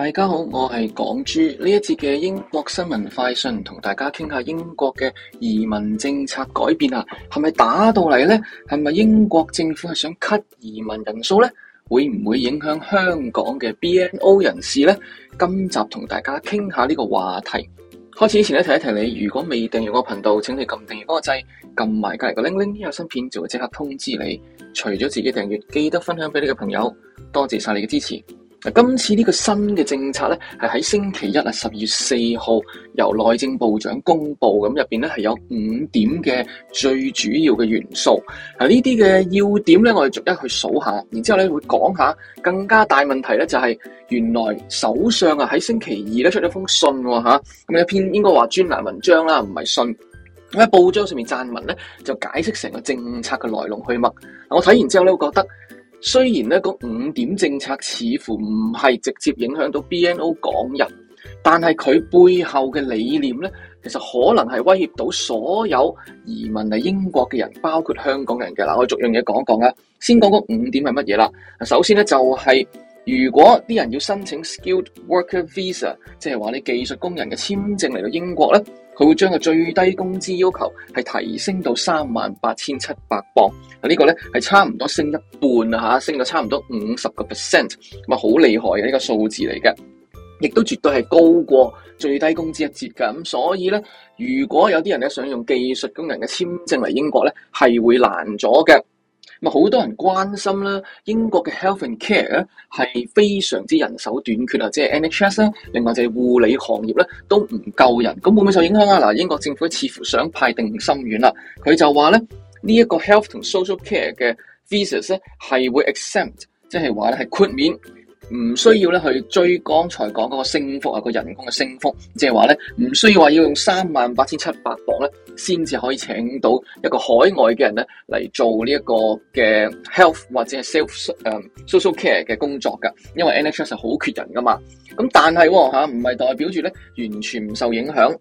大家好，我係港珠，呢一節嘅英國新聞快訊，同大家傾下英國嘅移民政策改變啊，係咪打到嚟？呢？係咪英國政府係想 cut 移民人數呢？會唔會影響香港嘅 BNO 人士呢？今集同大家傾下呢個話題。開始之前咧，提一提你，如果未訂閱我頻道，請你撳訂閱嗰個掣，撳埋隔籬個鈴鈴，有新片就會即刻通知你。除咗自己訂閱，記得分享俾你嘅朋友，多謝晒你嘅支持。嗱，今次呢個新嘅政策咧，係喺星期一啊，十二月四號由內政部長公布，咁入邊咧係有五點嘅最主要嘅元素。嗱，呢啲嘅要點咧，我哋逐一去數下，然之後咧會講下更加大問題咧，就係原來首相啊喺星期二咧出咗封信吓，咁一篇應該話專欄文章啦，唔係信咁喺報章上面撰文咧，就解釋成個政策嘅來龍去脈。我睇完之後咧，我覺得。雖然呢嗰五點政策似乎唔係直接影響到 BNO 港人，但係佢背後嘅理念呢，其實可能係威脅到所有移民嚟英國嘅人，包括香港人嘅。嗱，我逐樣嘢講講啦。先講嗰五點係乜嘢啦？首先呢，就係。如果啲人要申請 Skilled Worker Visa，即係話你技術工人嘅簽證嚟到英國咧，佢會將個最低工資要求係提升到三萬八千七百鎊，啊，呢個咧係差唔多升一半啊嚇，升到差唔多五十個 percent，咁啊好厲害嘅呢個數字嚟嘅，亦都絕對係高過最低工資一折㗎，咁所以咧，如果有啲人咧想用技術工人嘅簽證嚟英國咧，係會難咗嘅。咁好多人關心啦，英國嘅 Health and Care 咧係非常之人手短缺啊，即係 NHS 咧，另外就係護理行業咧都唔夠人，咁會唔會受影響啊？嗱，英國政府似乎想派定心丸啦，佢就話咧呢一個 Health 同 Social Care 嘅 Visas 咧係會 Exempt，即係話咧係豁免。唔需要咧去追，剛才講嗰個升幅啊，個人工嘅升幅，即係話咧，唔需要話要用三萬八千七百磅咧，先至可以請到一個海外嘅人咧嚟做呢一個嘅 health 或者係 self、um, social care 嘅工作㗎，因為 NHS 係好缺人㗎嘛。咁但係喎，唔係代表住咧完全唔受影響。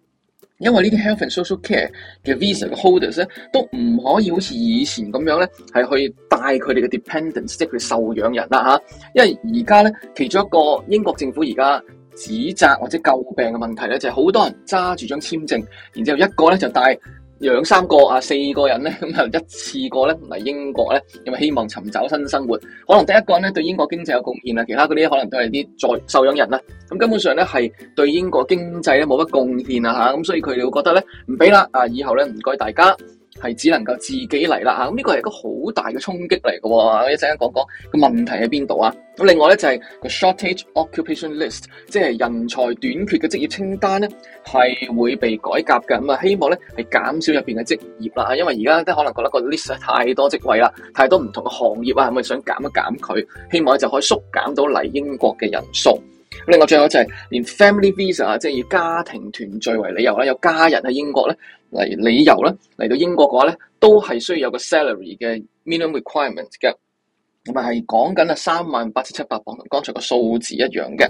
因為呢啲 health and social care 嘅 visa 嘅 holders 咧，都唔可以好似以前咁樣咧，係去帶佢哋嘅 dependents 即係佢哋受養人啦嚇。因為而家咧，其中一個英國政府而家指責或者詬病嘅問題咧，就係好多人揸住張簽證，然之後一個咧就帶。兩三個啊，四個人咧，咁啊一次過咧嚟英國咧，又咪希望尋找新生活？可能第一個人咧對英國經濟有貢獻啊，其他嗰啲可能都係啲受養人啦咁、啊、根本上咧係對英國經濟咧冇乜貢獻啊吓，咁所以佢哋會覺得咧唔俾啦，啊以後咧唔該大家。係只能夠自己嚟啦，咁呢個係一個好大嘅衝擊嚟嘅喎，啊、講一陣間講講個問題喺邊度啊！咁、啊、另外咧就係、是、個 shortage occupation list，即係人才短缺嘅職業清單咧，係會被改革嘅。咁啊，希望咧係減少入面嘅職業啦、啊，因為而家都可能覺得個 list 太多職位啦，太多唔同嘅行業啊，係、嗯、咪想減一減佢？希望呢就可以縮減到嚟英國嘅人數、啊。另外最好就係、是、連 family visa，即係以家庭團聚為理由啦、啊，有家人喺英國咧。理由呢來嚟到英國嘅話呢都係需要有個 salary 嘅 minimum requirement 嘅，咁啊係講緊啊三萬八千七百磅，同剛才個數字一樣嘅。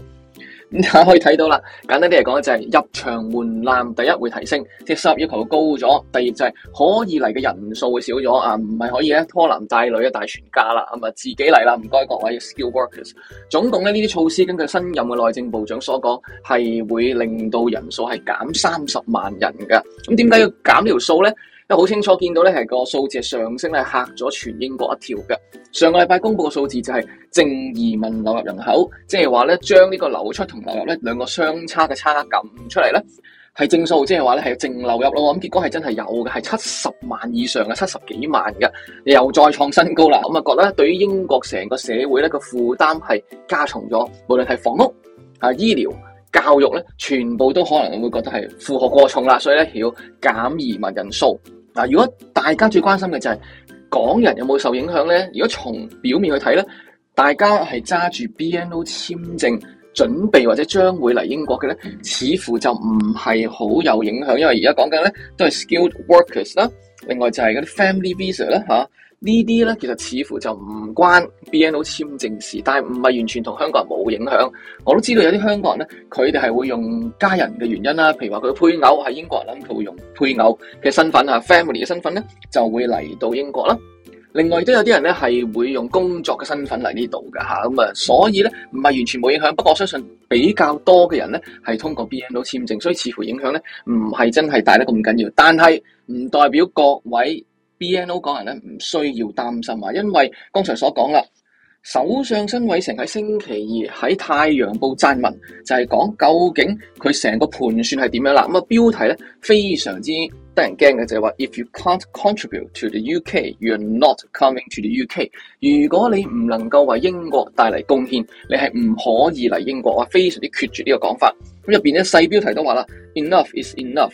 咁 可以睇到啦。簡單啲嚟講就係入場門檻第一會提升，即收入要求高咗；第二就係可以嚟嘅人數會少咗啊，唔係可以咧拖男帶女帶啊，帶全家啦，咁啊自己嚟啦。唔該各位 skill workers。總共咧呢啲措施，根據新任嘅內政部長所講，係會令到人數係減三十萬人嘅。咁點解要減條數咧？都好清楚呢，見到咧係個數字上升咧，嚇咗全英國一跳嘅。上個禮拜公布嘅數字就係淨移民流入人口，即係話咧，將呢個流出同流入咧兩個相差嘅差額撳出嚟咧，係正數，即係話咧係淨流入咯。咁結果係真係有嘅，係七十萬以上嘅，七十幾萬嘅，又再創新高啦。咁啊覺得呢，對於英國成個社會咧個負擔係加重咗，無論係房屋、啊醫療、教育咧，全部都可能會覺得係負荷過重啦。所以咧要減移民人數。嗱，如果大家最關心嘅就係港人有冇受影響咧？如果從表面去睇咧，大家係揸住 BNO 簽證準備或者將會嚟英國嘅咧，似乎就唔係好有影響，因為而家講緊咧都係 skilled workers 啦，另外就係嗰啲 family visa 啦吓。呢啲咧，其實似乎就唔關 BNO 簽證事，但係唔係完全同香港人冇影響。我都知道有啲香港人咧，佢哋係會用家人嘅原因啦，譬如話佢嘅配偶喺英國，咁佢會用配偶嘅身份啊，family 嘅身份咧就會嚟到英國啦。另外都有啲人咧係會用工作嘅身份嚟呢度㗎吓。咁啊、嗯，所以咧唔係完全冇影響。不過我相信比較多嘅人咧係通過 BNO 簽證，所以似乎影響咧唔係真係大得咁緊要。但係唔代表各位，BNO 港人咧唔需要擔心啊，因為剛才所講啦，首相新偉成喺星期二喺《太陽報》撰文，就係、是、講究竟佢成個盤算係點樣啦。咁啊標題咧非常之得人驚嘅就係、是、話，If you can't contribute to the UK, you're not coming to the UK。如果你唔能夠為英國帶嚟貢獻，你係唔可以嚟英國。我非常之決絕呢個講法。咁入邊咧細標題都話啦，Enough is enough。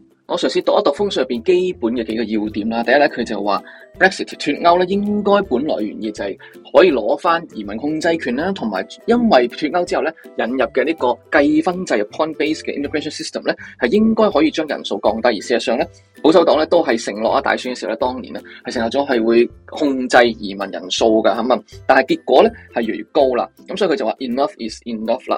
我嘗試讀一讀風水入邊基本嘅幾個要點啦。第一咧，佢就話 Brexit 脫歐咧，應該本來原意就係可以攞翻移民控制權啦，同埋因為脫歐之後咧，引入嘅呢個計分制 Point Based 嘅 Immigration System 咧，係應該可以將人數降低。而事實上咧，保守黨咧都係承諾喺大選嘅時候咧，當年咧係承諾咗係會控制移民人數嘅，係嘛？但係結果咧係越嚟越高啦。咁所以佢就話 Enough is enough 啦。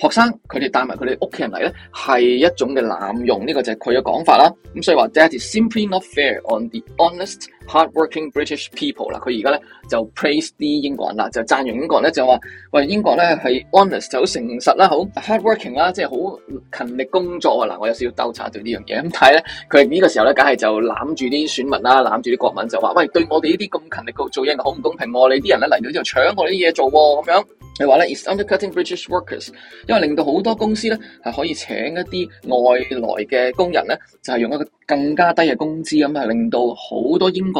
學生佢哋帶埋佢哋屋企人嚟呢係一種嘅濫用，呢、呢個就係佢嘅講法啦。咁所以話，that is simply not fair on the honest，hardworking British people 啦，佢而家咧就 praise 啲英國人啦，就讚揚英國人咧就話喂英國咧係 honest，好誠實啦，好 hardworking 啦，即係好勤力工作啊嗱，我有少少兜查對呢樣嘢，咁但係咧佢係呢個時候咧，梗係就攬住啲選民啦，攬住啲國民就話喂對我哋呢啲咁勤力做嘢好唔公平，你啲人咧嚟到之後搶我哋啲嘢做喎，咁樣你話咧 is undercutting British workers，因為令到好多公司咧係可以請一啲外來嘅工人咧，就係用一個更加低嘅工資咁啊令到好多英國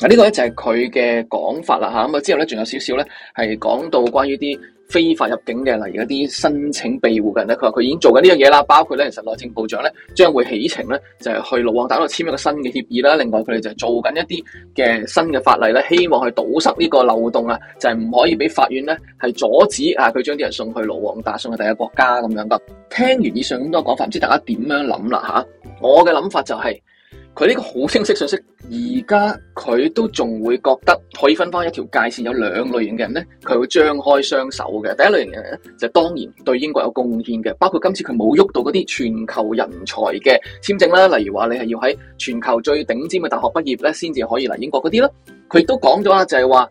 嗱、這、呢個咧就係佢嘅講法啦吓，咁啊之後咧仲有少少咧係講到關於啲非法入境嘅，例如一啲申請庇護嘅人咧，佢話佢已經做緊呢樣嘢啦，包括咧其實內政部長咧將會起程咧就係去盧旺達嗰度簽一個新嘅協議啦，另外佢哋就係做緊一啲嘅新嘅法例咧，希望去堵塞呢個漏洞啊，就係、是、唔可以俾法院咧係阻止啊佢將啲人送去盧旺達，送去第一國家咁樣得。聽完以上咁多講法，唔知大家點樣諗啦吓？我嘅諗法就係、是。佢呢個好清晰信息，而家佢都仲會覺得可以分翻一條界線，有兩類型嘅人咧，佢會張開雙手嘅。第一類型嘅人呢就當然對英國有貢獻嘅，包括今次佢冇喐到嗰啲全球人才嘅簽證啦，例如話你係要喺全球最頂尖嘅大學畢業咧，先至可以嚟英國嗰啲咯。佢都講咗啦，就係話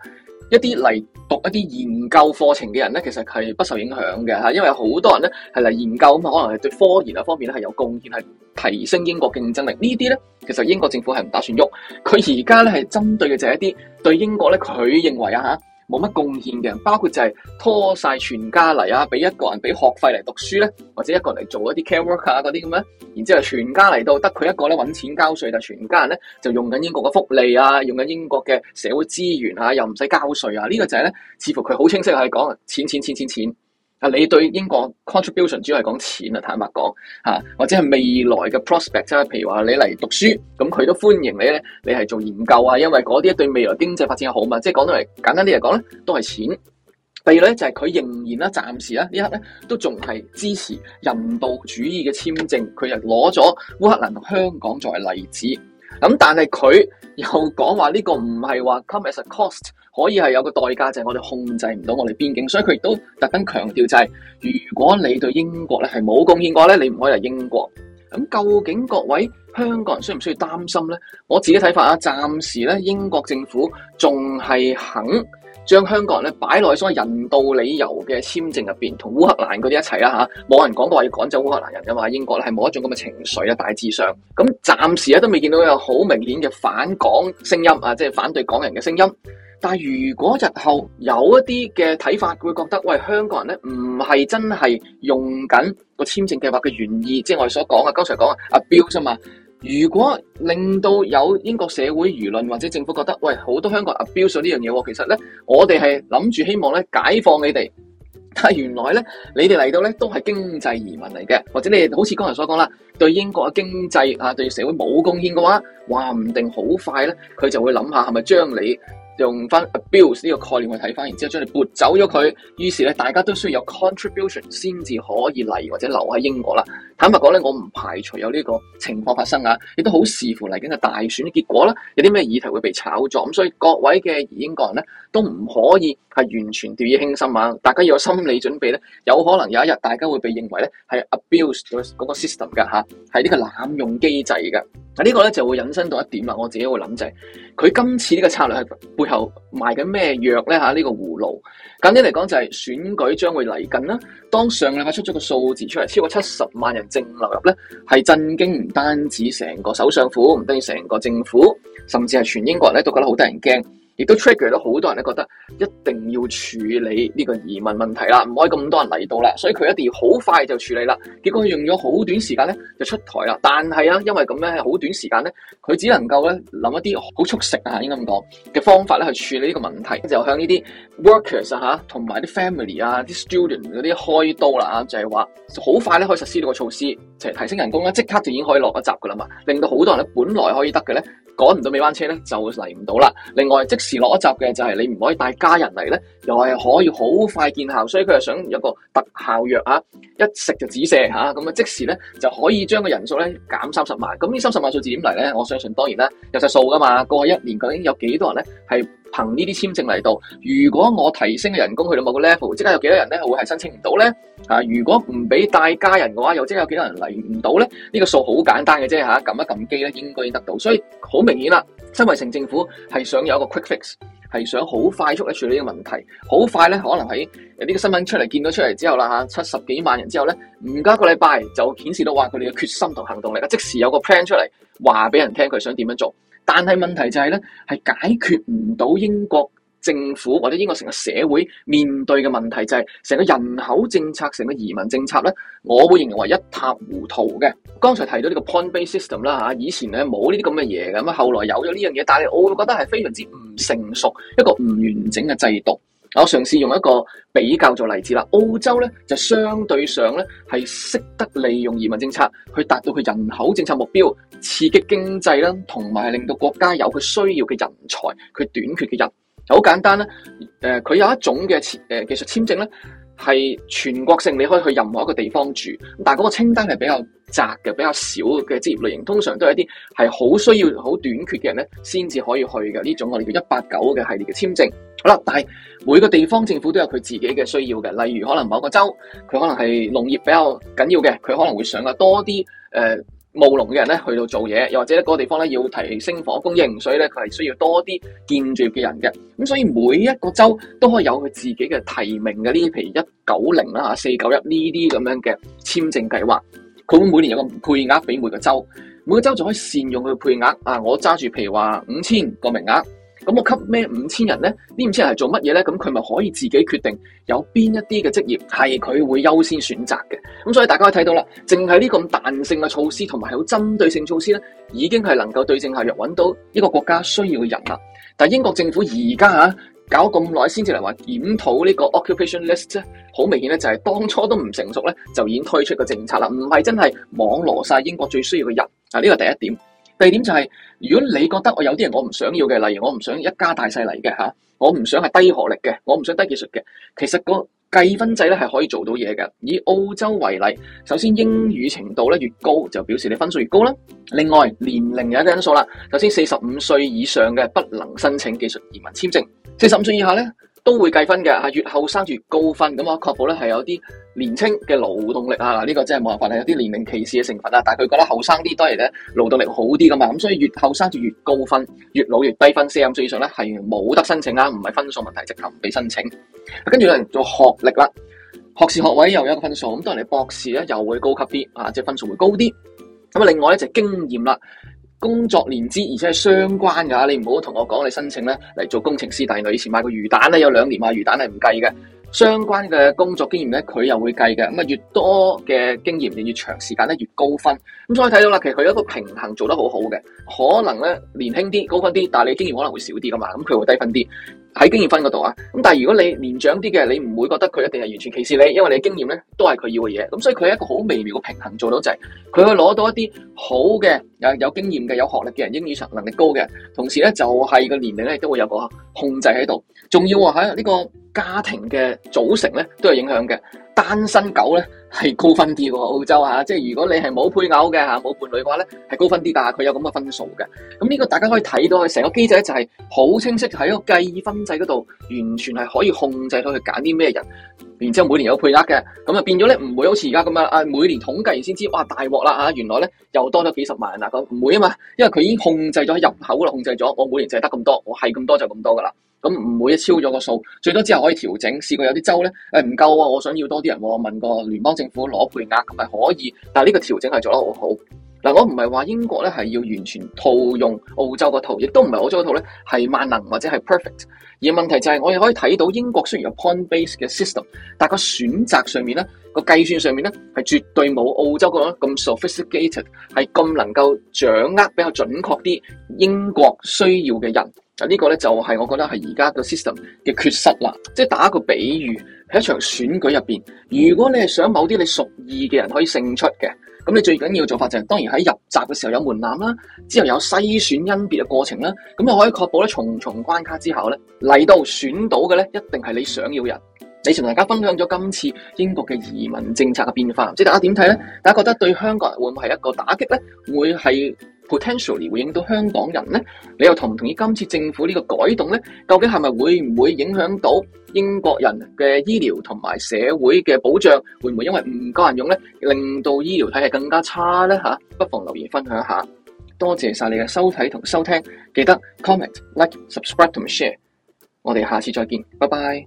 一啲嚟。讀一啲研究課程嘅人咧，其實係不受影響嘅吓，因為有好多人咧係嚟研究咁，可能係對科研啊方面咧係有貢獻，係提升英國競爭力呢啲咧，其實英國政府係唔打算喐，佢而家咧係針對嘅就係一啲對英國咧佢認為啊吓。冇乜貢獻嘅人，包括就係拖晒全家嚟啊，俾一個人俾學費嚟讀書咧，或者一個嚟做一啲 care worker 啊嗰啲咁樣，然之後全家嚟到得佢一個咧揾錢交稅，但係全家人咧就用緊英國嘅福利啊，用緊英國嘅社會資源啊，又唔使交稅啊，呢、這個就係咧，似乎佢好清晰係講，錢錢錢錢。錢錢錢。你對英國 contribution 主要係講錢啊，坦白講嚇，或者係未來嘅 prospect 啫。譬如話你嚟讀書，咁佢都歡迎你咧。你係做研究啊，因為嗰啲對未來經濟發展好嘛。即係講到嚟簡單啲嚟講咧，都係錢。第二咧就係佢仍然啦，暫時咧呢刻咧都仲係支持人道主義嘅簽證。佢又攞咗烏克蘭同香港作為例子。咁但係佢又講話呢個唔係話 come as a cost 可以係有個代價，就係、是、我哋控制唔到我哋邊境，所以佢亦都特登強調就係、是，如果你對英國咧係冇貢獻嘅話咧，你唔可以嚟英國。咁究竟各位香港人需唔需要擔心咧？我自己睇法啊，暫時咧英國政府仲係肯。將香港人擺落所謂人道理由嘅簽證入面，同烏克蘭嗰啲一齊啦嚇，冇人講到話要趕走烏克蘭人嘅嘛。英國咧係冇一種咁嘅情緒，大致上咁，暫時都未見到有好明顯嘅反港聲音啊，即係反對港人嘅聲音。但如果日後有一啲嘅睇法，會覺得喂，香港人咧唔係真係用緊個簽證計劃嘅原意，即係我哋所講嘅，剛才講嘅阿標啫嘛。Abuse, 如果令到有英國社會輿論或者政府覺得，喂，好多香港人 abuse 呢樣嘢喎，其實咧，我哋係諗住希望咧解放你哋。但係原來咧，你哋嚟到咧都係經濟移民嚟嘅，或者你好似剛才所講啦，對英國嘅經濟啊，對社會冇貢獻嘅話，話唔定好快咧，佢就會諗下係咪將你。用翻 abuse 呢個概念去睇翻，然之後將你撥走咗佢，於是咧大家都需要有 contribution 先至可以嚟或者留喺英國啦。坦白講咧，我唔排除有呢個情況發生啊，亦都好視乎嚟緊嘅大選結果啦，有啲咩議題會被炒作，咁所以各位嘅英國人咧都唔可以係完全掉以輕心啊！大家要有心理準備咧，有可能有一日大家會被認為咧係 abuse 咗嗰個 system 噶嚇，係呢個濫用機制噶。嗱、這、呢個咧就會引申到一點啦，我自己會諗就係、是、佢今次呢個策略係背後賣緊咩藥咧嚇？呢、這個葫蘆簡單嚟講就係選舉將會嚟近啦。當上禮拜出咗個數字出嚟，超過七十萬人淨流入咧，係震驚唔單止成個首相府，唔單止成個政府，甚至係全英國咧都覺得好得人驚。亦都 trigger 咗好多人都覺得一定要處理呢個移民問題啦，唔可以咁多人嚟到啦，所以佢一定要好快就處理啦。結果佢用咗好短時間咧就出台啦。但係啊，因為咁咧，好短時間咧，佢只能夠咧諗一啲好速食啊，應該咁講嘅方法咧去處理呢個問題，就向呢啲 workers 啊吓，同埋啲 family 啊，啲 student 嗰啲開刀啦啊，就係話好快咧可以實施到個措施。提升人工咧，即刻就已經可以落閘㗎喇嘛，令到好多人咧本來可以得嘅咧，趕唔到尾班車咧就嚟唔到啦。另外即時落閘嘅就係、是、你唔可以帶家人嚟咧，又係可以好快見效，所以佢係想有個特效藥嚇，一食就止瀉吓。咁啊即時咧就可以將個人數咧減三十萬。咁呢三十萬數字點嚟咧？我相信當然啦，有隻數㗎嘛，過一年究竟有幾多人咧係？是憑呢啲簽證嚟到，如果我提升嘅人工去到某個 level，即刻有幾多人咧會係申請唔到咧？嚇，如果唔俾帶家人嘅話，又即係有幾多人嚟唔到咧？呢個數好簡單嘅啫嚇，撳一撳機咧應該得到。所以好明顯啦，身為城政府係想有一個 quick fix，係想好快速去處理呢個問題，好快咧可能喺呢個新聞出嚟見到出嚟之後啦嚇，七十幾萬人之後咧，唔夠一個禮拜就顯示到話佢哋嘅決心同行動力啊，即時有個 plan 出嚟話俾人聽佢想點樣做。但係問題就係、是、咧，係解決唔到英國政府或者英國成個社會面對嘅問題、就係，就係成個人口政策、成個移民政策咧。我會形容為一塌糊塗嘅。剛才提到呢個 point-based system 啦嚇，以前咧冇呢啲咁嘅嘢咁，後來有咗呢樣嘢，但係我會覺得係非常之唔成熟，一個唔完整嘅制度。我嘗試用一個比較做例子啦。澳洲咧就相對上咧係識得利用移民政策去達到佢人口政策目標，刺激經濟啦，同埋係令到國家有佢需要嘅人才，佢短缺嘅人。好簡單啦，誒、呃、佢有一種嘅、呃、技術簽證咧，係全國性，你可以去任何一個地方住，但係嗰個清單係比較窄嘅，比較少嘅職業類型，通常都係一啲係好需要、好短缺嘅人咧先至可以去嘅呢種我哋叫一八九嘅系列嘅簽證。好啦，但係每個地方政府都有佢自己嘅需要嘅，例如可能某個州佢可能係農業比較緊要嘅，佢可能會想啊多啲誒、呃、務農嘅人咧去到做嘢，又或者嗰個地方咧要提升房屋供應，所以咧佢係需要多啲建築嘅人嘅。咁所以每一個州都可以有佢自己嘅提名嘅呢啲，譬如一九零啦、四九一呢啲咁樣嘅簽證計劃，佢會每年有個配額俾每個州，每個州就可以善用佢配額。啊，我揸住譬如話五千個名額。咁我吸咩五千人咧？人呢五千人係做乜嘢咧？咁佢咪可以自己決定有邊一啲嘅職業係佢會優先選擇嘅？咁所以大家可以睇到啦，淨係呢咁彈性嘅措施同埋有針對性措施咧，已經係能夠對症下藥揾到呢個國家需要嘅人啦。但係英國政府而家吓搞咁耐先至嚟話檢討呢個 occupation list 啫，好明顯咧就係當初都唔成熟咧就已經推出個政策啦，唔係真係網羅晒英國最需要嘅人，呢個第一點。第二點就係、是，如果你覺得有我有啲人我唔想要嘅，例如我唔想一家大細嚟嘅，我唔想係低學歷嘅，我唔想低技術嘅，其實個計分制咧係可以做到嘢嘅。以澳洲為例，首先英語程度咧越高，就表示你分數越高啦。另外年齡有一個因素啦，首先四十五歲以上嘅不能申請技術移民簽證，四十五歲以下咧。都會計分嘅，越後生越高分，咁啊確保咧係有啲年青嘅勞動力啊，呢個真係冇辦法，係有啲年齡歧視嘅成分啊，但係佢覺得後生啲，當然咧勞動力好啲噶嘛，咁所以越後生就越高分，越老越低分，四廿五歲以上咧係冇得申請啦，唔係分數問題，直頭唔俾申請。跟住咧做學歷啦，學士學位又有一個分數，咁當然你博士咧又會高級啲啊，即係分數會高啲。咁啊，另外咧就係經驗啦。工作年資，而且係相關㗎，你唔好同我講你申請呢嚟做工程師大女，但係以前賣個魚蛋呢，有兩年啊，賣魚蛋係唔計嘅。相關嘅工作經驗咧，佢又會計嘅。咁啊，越多嘅經驗，越長時間咧，越高分。咁所以睇到啦，其實佢有一個平衡做得好好嘅，可能咧年輕啲高分啲，但係你經驗可能會少啲噶嘛，咁佢會低分啲喺經驗分嗰度啊。咁但係如果你年長啲嘅，你唔會覺得佢一定係完全歧視你，因為你經驗咧都係佢要嘅嘢。咁所以佢係一個好微妙嘅平衡做到滯，佢、就係、會攞到一啲好嘅有有經驗嘅有學歷嘅人，英語能力高嘅，同時咧就係、係、個年齡咧都會有個控制喺度。仲要喎喺呢個。家庭嘅組成咧都有影響嘅，單身狗咧係高分啲喎，澳洲嚇、啊，即係如果你係冇配偶嘅嚇，冇伴侶嘅話咧係高分啲，但佢有咁嘅分數嘅。咁、嗯、呢、呢個大家可以睇到，成個機制就係好清晰喺個計分制嗰度，完全係可以控制佢去揀啲咩人，然之後每年有配額嘅，咁啊變咗咧唔會好似而家咁啊啊每年統計先知，哇大鑊啦嚇，原來咧又多咗幾十萬嗱，咁唔會啊嘛，因為佢已經控制咗入口啦，控制咗我每年就係得咁多，我係咁多就咁多噶啦。咁唔會超咗個數，最多之後可以調整。試過有啲州呢，唔夠喎，我想要多啲人喎，啊、問過聯邦政府攞配額，咁咪可以。但呢個調整係做得好好。嗱，我唔係話英國呢係要完全套用澳洲個套，亦都唔係澳洲個套呢係萬能或者係 perfect。而問題就係，係、我哋可以睇到英國雖然有 point based 嘅 system，但係個選擇上面呢，個計算上面呢，係絕對冇澳洲個咁 sophisticated，係咁能夠掌握比較準確啲英國需要嘅人。啊、這、呢個咧就係我覺得係而家個 system 嘅缺失啦，即係打一個比喻，喺一場選舉入邊，如果你係想某啲你屬意嘅人可以勝出嘅，咁你最緊要做法就係、是，當然喺入閘嘅時候有門檻啦，之後有篩選甄別嘅過程啦，咁啊可以確保咧重重關卡之後咧嚟到選到嘅咧一定係你想要人。你同大家分享咗今次英國嘅移民政策嘅變化，唔知大家點睇咧？大家覺得對香港人會唔會係一個打擊咧？會係？Potentially 會影響到香港人呢，你又同唔同意今次政府呢個改動呢？究竟係咪會唔會影響到英國人嘅醫療同埋社會嘅保障？會唔會因為唔夠人用呢，令到醫療體系更加差呢？吓？不妨留言分享下。多謝晒你嘅收睇同收聽，記得 comment、like、subscribe 同 share。我哋下次再見，拜拜。